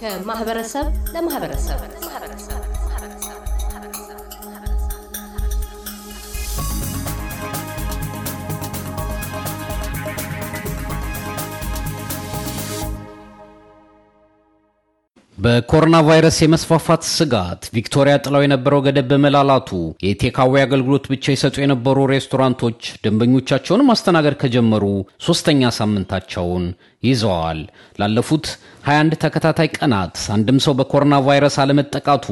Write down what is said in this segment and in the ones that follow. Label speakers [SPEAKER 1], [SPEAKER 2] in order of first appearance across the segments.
[SPEAKER 1] ከማህበረሰብ ለማህበረሰብ
[SPEAKER 2] በኮሮና ቫይረስ የመስፋፋት ስጋት ቪክቶሪያ ጥላው የነበረው ገደብ በመላላቱ የቴካዌ አገልግሎት ብቻ ይሰጡ የነበሩ ሬስቶራንቶች ደንበኞቻቸውን ማስተናገድ ከጀመሩ ሶስተኛ ሳምንታቸውን ይዘዋል። ላለፉት 21 ተከታታይ ቀናት አንድም ሰው በኮሮና ቫይረስ አለመጠቃቱ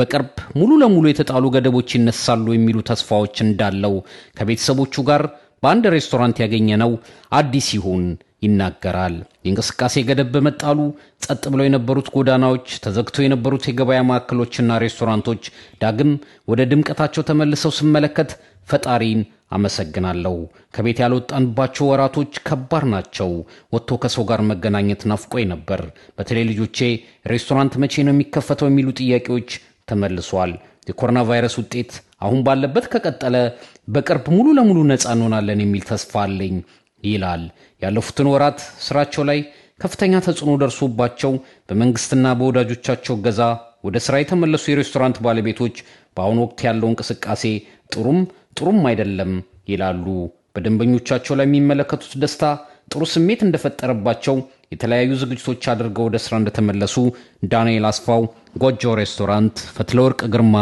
[SPEAKER 2] በቅርብ ሙሉ ለሙሉ የተጣሉ ገደቦች ይነሳሉ የሚሉ ተስፋዎች እንዳለው ከቤተሰቦቹ ጋር በአንድ ሬስቶራንት ያገኘ ነው አዲስ ይሁን ይናገራል። የእንቅስቃሴ ገደብ በመጣሉ ጸጥ ብለው የነበሩት ጎዳናዎች፣ ተዘግተው የነበሩት የገበያ ማዕከሎችና ሬስቶራንቶች ዳግም ወደ ድምቀታቸው ተመልሰው ስመለከት ፈጣሪን አመሰግናለሁ። ከቤት ያልወጣንባቸው ወራቶች ከባድ ናቸው። ወጥቶ ከሰው ጋር መገናኘት ናፍቆኝ ነበር። በተለይ ልጆቼ ሬስቶራንት መቼ ነው የሚከፈተው የሚሉ ጥያቄዎች ተመልሷል። የኮሮና ቫይረስ ውጤት አሁን ባለበት ከቀጠለ በቅርብ ሙሉ ለሙሉ ነፃ እንሆናለን የሚል ተስፋ አለኝ ይላል። ያለፉትን ወራት ስራቸው ላይ ከፍተኛ ተጽዕኖ ደርሶባቸው በመንግስትና በወዳጆቻቸው ገዛ ወደ ስራ የተመለሱ የሬስቶራንት ባለቤቶች በአሁኑ ወቅት ያለው እንቅስቃሴ ጥሩም ጥሩም አይደለም ይላሉ። በደንበኞቻቸው ላይ የሚመለከቱት ደስታ ጥሩ ስሜት እንደፈጠረባቸው የተለያዩ ዝግጅቶች አድርገው ወደ ስራ እንደተመለሱ ዳንኤል አስፋው ጎጆ ሬስቶራንት፣ ፈትለወርቅ ግርማ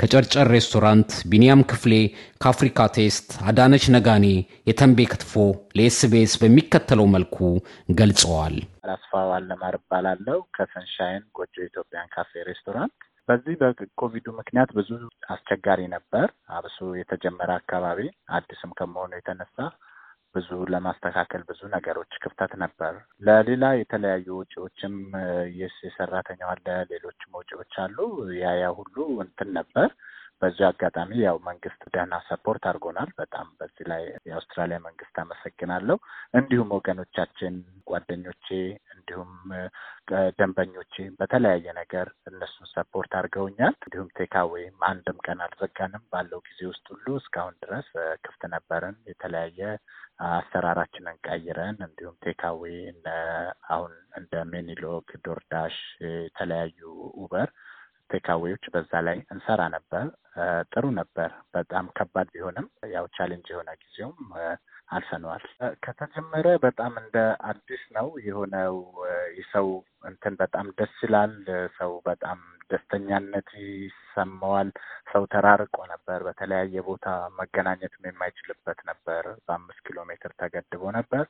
[SPEAKER 2] ከጨርጨር ሬስቶራንት፣ ቢንያም ክፍሌ ከአፍሪካ ቴስት፣ አዳነች ነጋኔ የተንቤ ክትፎ ለኤስቢኤስ በሚከተለው መልኩ ገልጸዋል።
[SPEAKER 3] አስፋ ባለማር እባላለሁ ከሰንሻይን ጎጆ ኢትዮጵያን ካፌ ሬስቶራንት። በዚህ በኮቪዱ ምክንያት ብዙ አስቸጋሪ ነበር፣ አብሶ የተጀመረ አካባቢ አዲስም ከመሆኑ የተነሳ ብዙ ለማስተካከል ብዙ ነገሮች ክፍተት ነበር። ለሌላ የተለያዩ ወጪዎችም የሰራተኛው አለ፣ ሌሎችም ወጪዎች አሉ። ያ ያ ሁሉ እንትን ነበር። በዚህ አጋጣሚ ያው መንግስት ደህና ሰፖርት አድርጎናል። በጣም በዚህ ላይ የአውስትራሊያ መንግስት አመሰግናለሁ። እንዲሁም ወገኖቻችን፣ ጓደኞቼ እንዲሁም ደንበኞቼ በተለያየ ነገር እነሱን ሰፖርት አድርገውኛል። እንዲሁም ቴካዌ አንድም ቀን አልዘጋንም። ባለው ጊዜ ውስጥ ሁሉ እስካሁን ድረስ ክፍት ነበርን የተለያየ አሰራራችንን ቀይረን እንዲሁም ቴካዌ አሁን እንደ ሜኒሎክ፣ ዶርዳሽ የተለያዩ ኡበር ቴካዌዎች በዛ ላይ እንሰራ ነበር። ጥሩ ነበር። በጣም ከባድ ቢሆንም ያው ቻሌንጅ የሆነ ጊዜውም አልፈነዋል። ከተጀመረ በጣም እንደ አዲስ ነው የሆነው። የሰው እንትን በጣም ደስ ይላል። ሰው በጣም ደስተኛነት ይሰማዋል። ሰው ተራርቆ ነበር። በተለያየ ቦታ መገናኘት የማይችልበት ነበር። በአምስት ኪሎ ሜትር ተገድቦ ነበር።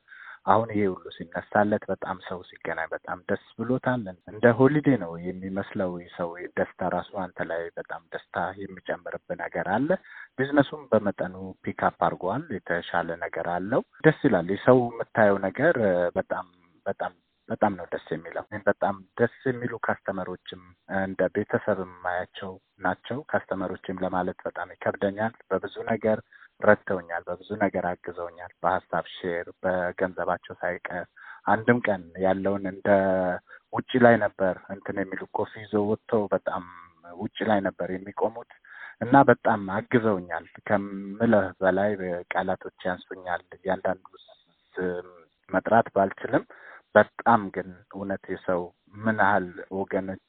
[SPEAKER 3] አሁን ይሄ ሁሉ ሲነሳለት በጣም ሰው ሲገናኝ በጣም ደስ ብሎታል። እንደ ሆሊዴ ነው የሚመስለው ሰው ደስታ ራሱ አንተ ላይ በጣም ደስታ የሚጨምርብህ ነገር አለ። ቢዝነሱም በመጠኑ ፒካፕ አድርጓል። የተሻለ ነገር አለው። ደስ ይላል። የሰው የምታየው ነገር በጣም በጣም በጣም ነው ደስ የሚለው። በጣም ደስ የሚሉ ካስተመሮችም እንደ ቤተሰብ የማያቸው ናቸው። ካስተመሮችም ለማለት በጣም ይከብደኛል በብዙ ነገር ረድተውኛል፣ በብዙ ነገር አግዘውኛል። በሀሳብ ሼር፣ በገንዘባቸው ሳይቀር አንድም ቀን ያለውን እንደ ውጭ ላይ ነበር እንትን የሚሉ ኮፊ ይዞ ወጥተው በጣም ውጭ ላይ ነበር የሚቆሙት እና በጣም አግዘውኛል ከምለህ በላይ ቃላቶች ያንሱኛል። እያንዳንዱ መጥራት ባልችልም በጣም ግን እውነት የሰው ምን ያህል ወገኖች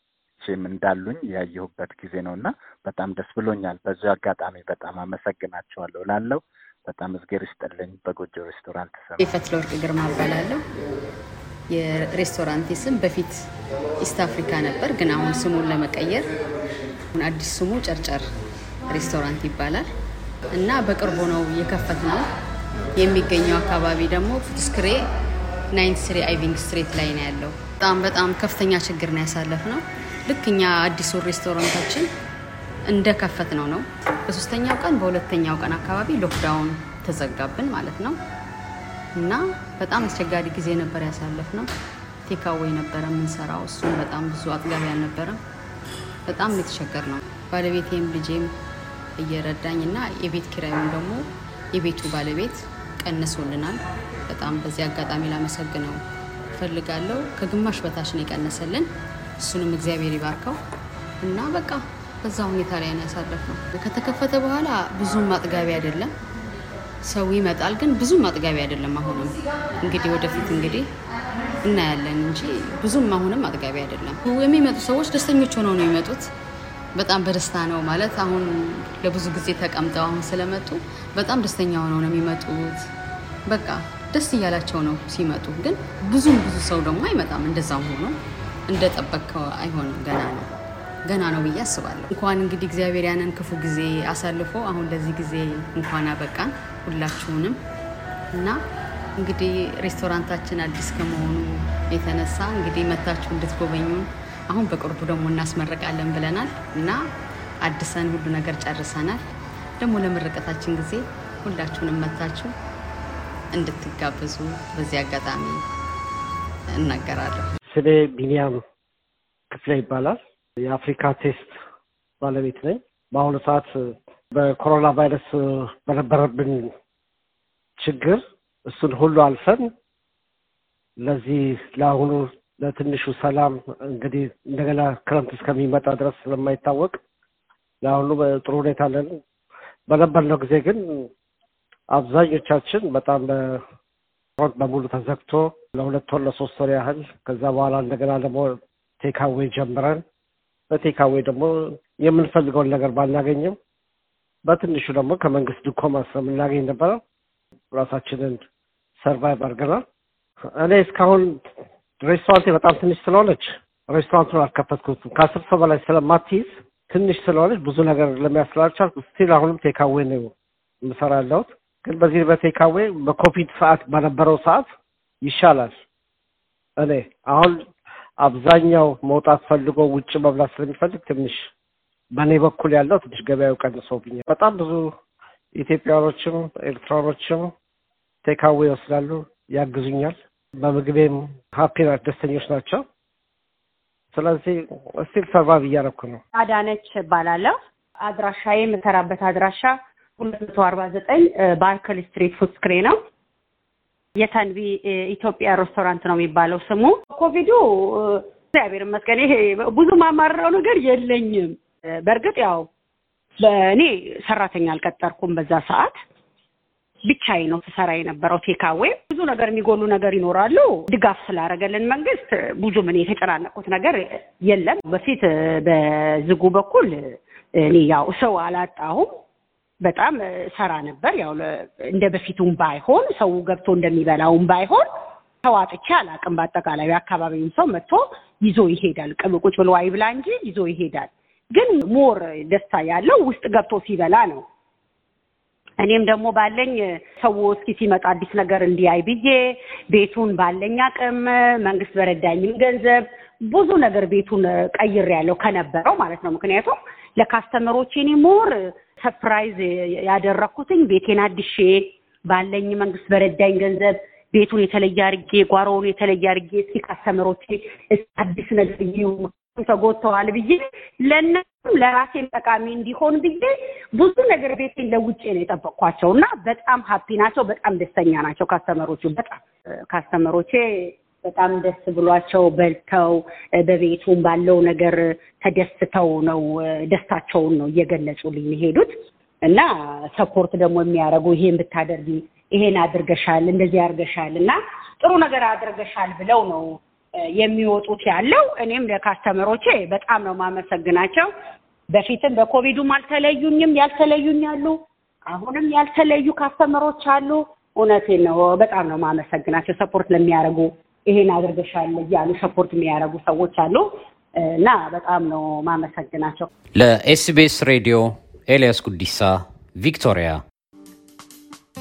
[SPEAKER 3] ልጆቼም እንዳሉኝ ያየሁበት ጊዜ ነው እና በጣም ደስ ብሎኛል። በዚሁ አጋጣሚ በጣም አመሰግናቸዋለሁ ላለው በጣም እግዜር ይስጥልኝ። በጎጆ ሬስቶራንት ስም የፈትለወርቅ
[SPEAKER 4] ግርማ እባላለሁ።
[SPEAKER 1] የሬስቶራንቴ ስም በፊት ኢስት አፍሪካ ነበር፣ ግን አሁን ስሙን ለመቀየር አዲስ ስሙ ጨርጨር ሬስቶራንት ይባላል እና በቅርቡ ነው የከፈት ነው የሚገኘው አካባቢ ደግሞ ፉትስክሬ ናይንት ስሪ አይቪንግ ስትሬት ላይ ነው ያለው። በጣም በጣም ከፍተኛ ችግር ነው ያሳለፍ ነው። ልክ እኛ አዲሱ ሬስቶራንታችን እንደከፈት ነው ነው በሶስተኛው ቀን በሁለተኛው ቀን አካባቢ ሎክዳውን ተዘጋብን ማለት ነው እና በጣም አስቸጋሪ ጊዜ ነበር ያሳለፍ ነው። ቴካዌይ ነበረ የምንሰራው እሱም በጣም ብዙ አጥጋቢ አልነበረም። በጣም የተቸገር ነው። ባለቤቴም ልጄም እየረዳኝ እና የቤት ኪራዩም ደግሞ የቤቱ ባለቤት ቀንሶልናል። በጣም በዚህ አጋጣሚ ላመሰግነው እፈልጋለሁ። ከግማሽ በታች ነው የቀነሰልን። እሱንም እግዚአብሔር ይባርከው እና በቃ በዛ ሁኔታ ላይ ነው ከተከፈተ በኋላ ብዙም ማጥጋቢ አይደለም፣ ሰው ይመጣል፣ ግን ብዙም ማጥጋቢ አይደለም። አሁንም እንግዲህ ወደፊት እንግዲህ እናያለን እንጂ ብዙም አሁንም አጥጋቢ አይደለም። የሚመጡ ሰዎች ደስተኞች ሆነው ነው የሚመጡት። በጣም በደስታ ነው ማለት አሁን ለብዙ ጊዜ ተቀምጠው አሁን ስለመጡ በጣም ደስተኛ ሆነው ነው የሚመጡት። በቃ ደስ እያላቸው ነው ሲመጡ። ግን ብዙም ብዙ ሰው ደግሞ አይመጣም እንደዛም ሆኖ እንደጠበቅከው አይሆንም። ገና ነው ገና ነው ብዬ አስባለሁ። እንኳን እንግዲህ እግዚአብሔር ያንን ክፉ ጊዜ አሳልፎ አሁን ለዚህ ጊዜ እንኳን አበቃን ሁላችሁንም እና እንግዲህ ሬስቶራንታችን አዲስ ከመሆኑ የተነሳ እንግዲህ መታችሁ እንድትጎበኙ አሁን በቅርቡ ደግሞ እናስመርቃለን ብለናል እና አድሰን ሁሉ ነገር ጨርሰናል። ደግሞ ለምርቀታችን ጊዜ ሁላችሁንም መታችሁ እንድትጋበዙ በዚህ አጋጣሚ
[SPEAKER 5] እናገራለሁ። ስሜ ቢኒያም ክፍለ ይባላል። የአፍሪካ ቴስት ባለቤት ነኝ። በአሁኑ ሰዓት በኮሮና ቫይረስ በነበረብን ችግር እሱን ሁሉ አልፈን ለዚህ ለአሁኑ ለትንሹ ሰላም እንግዲህ እንደገና ክረምት እስከሚመጣ ድረስ ስለማይታወቅ ለአሁኑ በጥሩ ሁኔታ አለን። በነበርነው ጊዜ ግን አብዛኞቻችን በጣም ሮድ በሙሉ ተዘግቶ ለሁለት ወር ለሶስት ወር ያህል ከዛ በኋላ እንደገና ደግሞ ቴካዌ ጀምረን በቴካዌ ደግሞ የምንፈልገውን ነገር ባናገኝም በትንሹ ደግሞ ከመንግስት ድጎማ ስለምናገኝ ነበረ ራሳችንን ሰርቫይቭ አርገናል እኔ እስካሁን ሬስቶራንቴ በጣም ትንሽ ስለሆነች ሬስቶራንቱን አልከፈትኩትም። ከአስር ሰው በላይ ስለማትይዝ ትንሽ ስለሆነች ብዙ ነገር ለሚያስላልቻል ስቲል አሁንም ቴካዌ ነው የምሰራ ያለሁት። ግን በዚህ በቴካዌ በኮቪድ ሰዓት በነበረው ሰዓት ይሻላል። እኔ አሁን አብዛኛው መውጣት ፈልጎ ውጭ መብላት ስለሚፈልግ ትንሽ በእኔ በኩል ያለው ትንሽ ገበያው ቀንሶብኛል። በጣም ብዙ ኢትዮጵያኖችም ኤርትራኖችም ቴካዌ ይወስዳሉ፣ ያግዙኛል። በምግቤም ሀፒ ደስተኞች ናቸው። ስለዚህ እስቲል ሰርቫይቭ እያደረኩ ነው።
[SPEAKER 4] አዳነች እባላለሁ። አድራሻዬ የምሰራበት አድራሻ ሁለት መቶ አርባ ዘጠኝ ስትሪት ፉድ ስክሬ ነው። የተንቢ ኢትዮጵያ ሬስቶራንት ነው የሚባለው ስሙ። ኮቪዱ እግዚአብሔር ይመስገን ይሄ ብዙ ማማረረው ነገር የለኝም። በእርግጥ ያው እኔ ሰራተኛ አልቀጠርኩም በዛ ሰዓት ብቻዬ ነው ስሰራ የነበረው። ቴካዌ ብዙ ነገር የሚጎሉ ነገር ይኖራሉ። ድጋፍ ስላደረገልን መንግስት ብዙ ምን የተጨናነቁት ነገር የለም። በፊት በዝጉ በኩል እኔ ያው ሰው አላጣሁም። በጣም ሰራ ነበር። ያው እንደ በፊቱም ባይሆን ሰው ገብቶ እንደሚበላውም ባይሆን ተዋጥቼ አላቅም። በአጠቃላይ አካባቢውን ሰው መጥቶ ይዞ ይሄዳል። ቁጭ ብሎ አይብላ እንጂ ይዞ ይሄዳል። ግን ሞር ደስታ ያለው ውስጥ ገብቶ ሲበላ ነው። እኔም ደግሞ ባለኝ ሰው እስኪ ሲመጣ አዲስ ነገር እንዲያይ ብዬ ቤቱን ባለኝ አቅም መንግስት በረዳኝም ገንዘብ ብዙ ነገር ቤቱን ቀይሬያለሁ ከነበረው ማለት ነው። ምክንያቱም ለካስተመሮቼ እኔ ሞር ሰፕራይዝ ያደረኩትኝ ቤቴን አድሼ ባለኝ መንግስት በረዳኝ ገንዘብ ቤቱን የተለየ አድርጌ ጓሮውን የተለየ አድርጌ እስኪ ካስተምሮቼ አዲስ ነገር ተጎድተዋል ብዬ ለእነሱም ለራሴም ጠቃሚ እንዲሆን ብዬ ብዙ ነገር ቤቴን ለውጭ ነው የጠበቅኳቸው እና በጣም ሀፒ ናቸው። በጣም ደስተኛ ናቸው ካስተመሮቹ። በጣም ካስተመሮቼ በጣም ደስ ብሏቸው በልተው በቤቱም ባለው ነገር ተደስተው ነው ደስታቸውን ነው እየገለጹልኝ የሄዱት እና ሰፖርት ደግሞ የሚያደርጉ ይሄን ብታደርጊ ይሄን አድርገሻል፣ እንደዚህ አድርገሻል እና ጥሩ ነገር አድርገሻል ብለው ነው የሚወጡት ያለው። እኔም ለካስተመሮቼ በጣም ነው ማመሰግናቸው። በፊትም በኮቪዱም አልተለዩኝም፣ ያልተለዩኝ አሉ፣ አሁንም ያልተለዩ ካስተመሮች አሉ። እውነቴን ነው። በጣም ነው ማመሰግናቸው ሰፖርት ለሚያደርጉ ይሄን አድርገሻል እያሉ ሰፖርት የሚያደርጉ ሰዎች አሉ እና በጣም ነው ማመሰግናቸው።
[SPEAKER 2] ለኤስቢኤስ ሬዲዮ ኤልያስ ጉዲሳ ቪክቶሪያ